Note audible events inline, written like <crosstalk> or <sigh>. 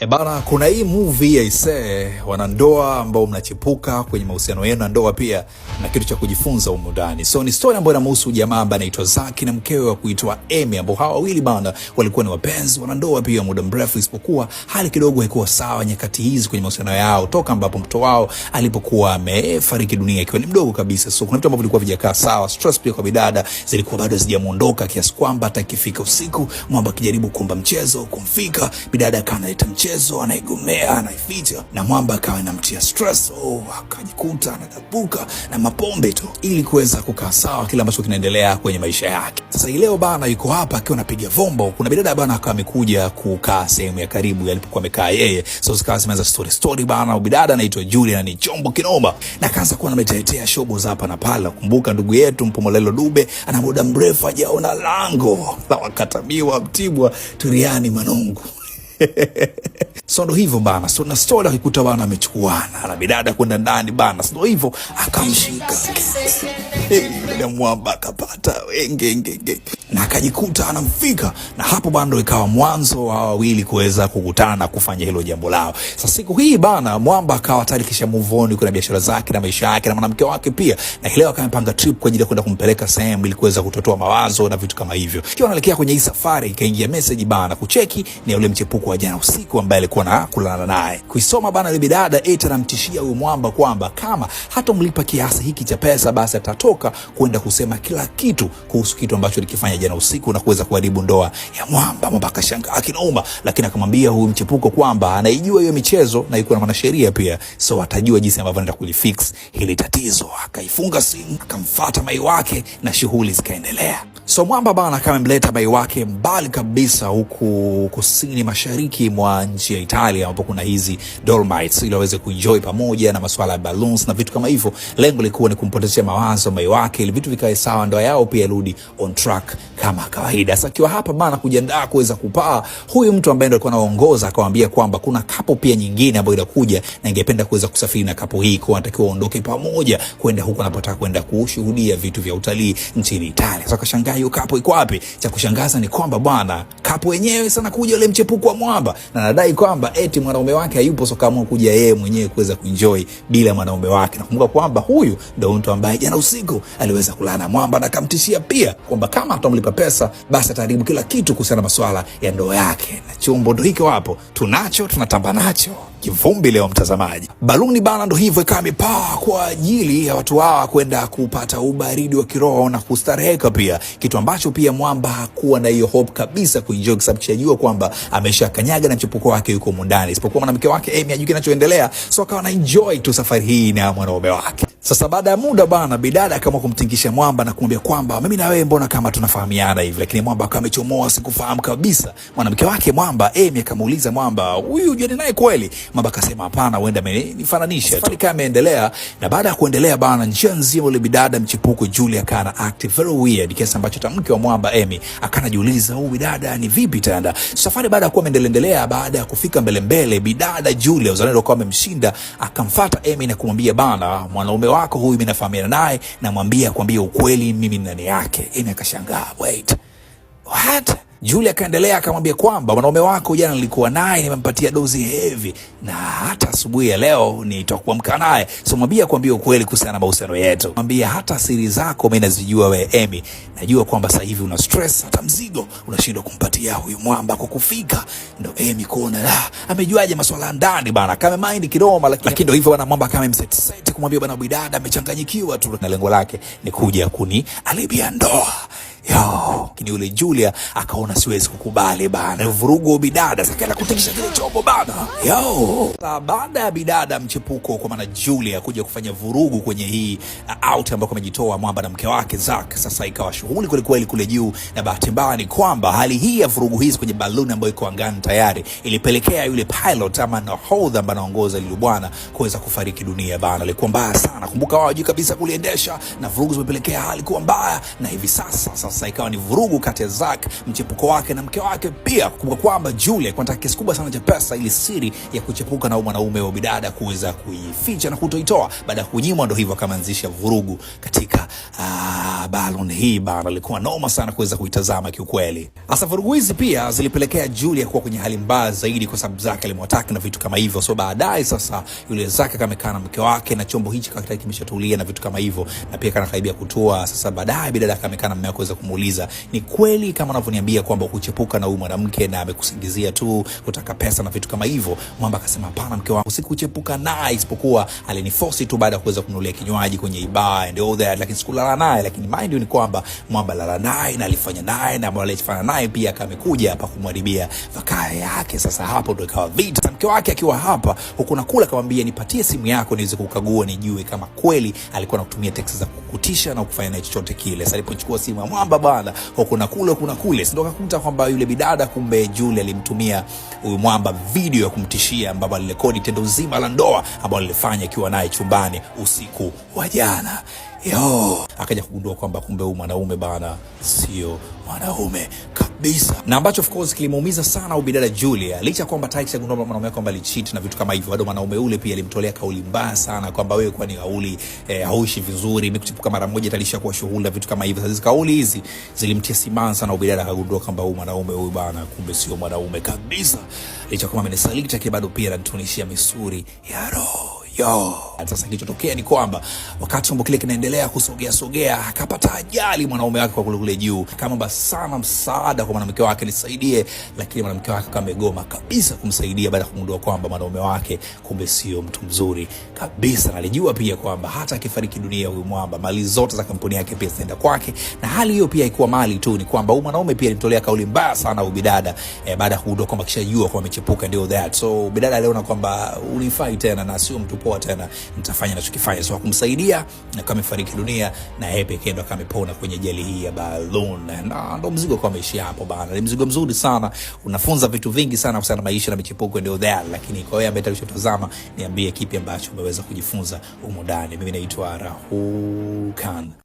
E bana, kuna hii movie ya ise wanandoa ambao mnachipuka kwenye mahusiano yenu na ndoa pia na kitu cha kujifunza humo ndani. So ni story ambayo inamhusu jamaa ambaye anaitwa Zaki na mkewe wa kuitwa Amy, ambao hawa wawili bana walikuwa ni wapenzi wanandoa pia muda mrefu, isipokuwa hali kidogo haikuwa sawa nyakati hizi kwenye mahusiano yao toka ambapo mtoto wao alipokuwa amefariki dunia akiwa ni mdogo kabisa. So kuna vitu ambavyo vilikuwa vijakaa sawa, stress pia kwa bidada zilikuwa bado hazijamuondoka kiasi kwamba hata ikifika usiku mwamba akijaribu kumba mchezo kumfika bidada akanaleta mchezo mchezo, anaigomea, anaificha, na mwamba akawa anamtia stress, oh, akajikuta anadabuka na mapombe tu, ili kuweza kukaa sawa kile ambacho kinaendelea kwenye maisha yake. Sasa leo bana yuko hapa akiwa anapiga vombo. Kuna bidada bana akawa amekuja kukaa sehemu ya karibu alipokuwa amekaa yeye, so zikawa zimeanza story story bana. Bidada anaitwa Julia na ni chombo kinoma, na kaanza kuwa anametetea shobo za hapa na pala. Kumbuka ndugu yetu Mpomolelo Dube ana muda mrefu hajaona lango la wakatamiwa Mtibwa Turiani Manungu. <laughs> so ndo hivyo bana, so na story akikuta bana amechukuana na bidada kwenda ndani bana, so ndo hivyo akamshika <laughs> mwamba akapata wengengenge na akajikuta anamfika, na hapo bana ndo ikawa mwanzo wa wawili kuweza kukutana kufanya hilo jambo lao. Sasa siku hii bana, mwamba akawa tayari kisha move on kuna biashara zake na maisha yake na mwanamke wake pia, na leo akawa amepanga trip kwa ajili ya kwenda kumpeleka sehemu ili kuweza kutotoa mawazo na vitu kama hivyo. Kiwa anaelekea kwenye hii safari, ikaingia message bana kucheki ni yule mchepuko kwa jana usiku ambaye alikuwa na kulala naye. Kuisoma bana, ile bidada eti anamtishia huyu mwamba kwamba kama hatomlipa kiasi hiki cha pesa, basi atatoka kwenda kusema kila kitu kuhusu kitu ambacho alikifanya jana usiku na kuweza kuharibu ndoa ya mwamba. Mwamba akashangaa akinauma, lakini akamwambia huyu mchepuko kwamba anaijua hiyo michezo na iko na mwanasheria pia, so atajua jinsi ambavyo anaenda kulifix hili tatizo. Akaifunga simu, akamfuata mai wake na shughuli zikaendelea. So Mwamba bana kama mleta bai wake mbali kabisa huku kusini mashariki mwa nchi ya Italia, ambapo kuna hizi dolmites ili waweze kuenjoy pamoja na masuala ya balloons na vitu kama hivyo. Lengo lilikuwa ni kumpotezea mawazo bai wake ili vitu vikae sawa, ndoa yao pia irudi on track kama kawaida. Sasa akiwa hapa bana kujiandaa kuweza kupaa, huyu mtu ambaye ndo alikuwa anaongoza akamwambia kwamba kuna kapo pia nyingine ambayo inakuja na ingependa kuweza kusafiri na kapo hii, kwa anatakiwa aondoke pamoja kwenda huko anapotaka kwenda kushuhudia vitu vya utalii nchini Italia. Sasa kashangaa hiyo kapo iko wapi? Cha kushangaza ni kwamba bwana kapo yenyewe sana kuja ile mchepuko wa mwamba, na anadai kwamba eti mwanaume wake hayupo, so kama kuja yeye mwenyewe kuweza kuenjoy bila mwanaume wake. Nakumbuka kwamba huyu ndio mtu ambaye jana usiku aliweza kulala na mwamba na akamtishia pia kwamba kama atamlipa pesa basi ataharibu kila kitu kuhusiana na masuala ya ndoa yake, na chumbo. ndio hiko hapo tunacho, tunatamba nacho kivumbi leo mtazamaji. Baluni bana, ndo hivyo ikawa mipaa kwa ajili ya watu hawa kwenda kupata ubaridi wa kiroho na kustareheka pia kitu ambacho pia Mwamba hakuwa na hiyo hope kabisa kuenjoy, kwa sababu chajua kwamba ameshakanyaga na mchepuko wake yuko mundani, isipokuwa mwanamke wake Amy ajui kinachoendelea, so akawa na enjoy tu safari hii na mwanaume wake. Sasa baada ya muda bana, Bidada akaamua kumtingisha Mwamba na kumwambia kwamba mimi na wewe mbona kama tunafahamiana hivi, lakini Mwamba akawa amechomoa, sikufahamu kabisa. Mwanamke wake Mwamba Amy akamuuliza Mwamba, huyu je, naye kweli? Mwamba akasema hapana, huenda amenifananisha tu. Safari kama imeendelea, na baada ya kuendelea bana, njia nzima ile Bidada mchepuko Julia kana act very weird, kiasi ambacho hata mke wa Mwamba Amy akanajiuliza, huyu oh, Bidada ni vipi tanda. Safari baada ya kuwa imeendelea, baada ya kufika mbele mbele, Bidada Julia uzalendo akawa amemshinda, akamfuata Amy na kumwambia bana, mwanaume wako huyu, mimi naye, namwambia kuambia ukweli, mimi ni nani yake. Yaani akashangaa, wait what Julia akaendelea akamwambia kwamba mwanaume wako jana nilikuwa naye, nimempatia dozi hevi na hata asubuhi ya leo nitakuamka naye. So mwambie kuambia ukweli kuhusiana na mahusiano yetu, mwambie hata siri zako mi nazijua, we Emi, najua kwamba sasa hivi una stress, hata mzigo unashindwa kumpatia huyu mwamba kwa kufika. Ndo Emi kuona la ah, amejuaje masuala ya ndani bana, kama mind kidoma, lakini ndo hivyo bana, mwamba kama mset set kumwambia bana, bidada amechanganyikiwa tu, na lengo lake ni kuja kuni alibia ndoa lakini yule Julia akaona siwezi kukubali bana, vurugu bidada sakala kutikisha kile chombo bana. Yo, ah, Baada ya bidada mchepuko, kwa maana Julia kuja kufanya vurugu kwenye hii ah, out ambako amejitoa Mwamba na mke wake Zack, sasa ikawa shughuli kweli kweli kule juu, na bahati mbaya ni kwamba hali hii ya vurugu hizi kwenye baluni ambayo iko angani tayari ilipelekea yule pilot ama nahodha ambaye anaongoza lile bwana kuweza kufariki dunia bana. Ilikuwa mbaya sana, kumbuka wao kabisa kuliendesha, na vurugu zimepelekea hali kuwa mbaya, na hivi sasa sasa sasa ikawa ni vurugu kati ya Zack, mchepuko wake na mke wake. Pia kumbuka kwamba Julia kwa kiasi kubwa sana cha pesa, ili siri ya kuchepuka na mwanaume wa bidada kuweza kuificha na kutoitoa baada ya kunyimwa, ndo hivyo akaanzisha vurugu katika aa, ah, balon hii bana, ilikuwa noma sana kuweza kuitazama kiukweli. Hasa vurugu hizi pia zilipelekea Julia kuwa kwenye hali mbaya zaidi, kwa sababu Zack alimwataka na vitu kama hivyo. So baadaye sasa yule Zack kamekaa na mke wake na chombo hichi kakitaki kimeshatulia na vitu kama hivyo, na pia kanakaribia kutoa Sasa baadaye bidada kamekaa na mume wake kuweza kumuuliza ni kweli kama anavyoniambia kwamba huchepuka na huyu mwanamke na amekusingizia tu kutaka pesa na vitu kama hivyo. Mwamba akasema hapana, mke wangu sikuchepuka naye, isipokuwa aliniforce tu baada ya kuweza kununulia kinywaji kwenye ibaa and all that, lakini sikulala naye. Lakini mind you ni kwamba Mwamba lala naye na alifanya naye na mwamba alifanya naye pia, akamekuja hapa kumharibia vakaya yake. Sasa hapo ndo ikawa vita, mke wake akiwa hapa huko na kula, akamwambia nipatie simu yako niweze kukagua nijue kama kweli alikuwa anakutumia teksi za kukutisha na kufanya naye chochote kile. Sasa alipochukua simu ya Mwamba kwamba bwana, kuna kule kuna kule, sindo kakuta kwamba yule bidada kumbe Juli alimtumia huyu mwamba video ya kumtishia, ambapo alirekodi tendo zima la ndoa ambalo lilifanya akiwa naye chumbani usiku wa jana yo, akaja kugundua kwamba kumbe huu mwanaume bana sio mwanaume kabisa, na ambacho of course kilimuumiza sana ubidada Julia. Licha kwamba Taix agundua mwanaume wake kwamba alicheat na vitu kama hivyo, bado mwanaume ule pia alimtolea kauli mbaya sana kwamba wewe kwani kauli eh, hauishi vizuri, mikuchipuka mara moja italisha kuwa shughuli na vitu kama hivyo. Sasa kauli hizi zilimtia simanzi sana ubidada, akagundua kwamba huu mwanaume huyu bana kumbe sio mwanaume kabisa. Licha kwamba amenisaliti, bado pia anatunishia misuri ya roho. Yo, sasa kilichotokea ni kwamba wakati chombo kile kinaendelea kusogea sogea, akapata ajali mwanaume wake kwa kule kule juu. Akamwomba sana msaada kwa mwanamke wake, nisaidie, lakini mwanamke wake kamegoma kabisa kumsaidia, baada ya kugundua kwamba mwanaume wake kumbe sio mtu mzuri kabisa, na alijua pia kwamba hata akifariki dunia huyu mwamba, mali zote za kampuni yake pia zitaenda kwake. Na hali hiyo pia haikuwa mali tu, ni kwamba huyu mwanaume pia alimtolea kauli mbaya sana ubidada e, eh, baada ya kugundua kwamba kishajua kwamba amechepuka, ndio that so ubidada aliona kwamba unifai tena na sio mtu poa tena nitafanya nachokifanya. So kumsaidia na kama amefariki dunia na yeye pekee ndo amepona kwenye jeli hii ya balloon, na ndo mzigo kwa maisha hapo bana. Ni mzigo mzuri sana, unafunza vitu vingi sana kuhusiana maisha na michepuko ndio there, lakini kwa hiyo ambaye tulichotazama, niambie kipi ambacho umeweza kujifunza humo ndani. Mimi naitwa rahukan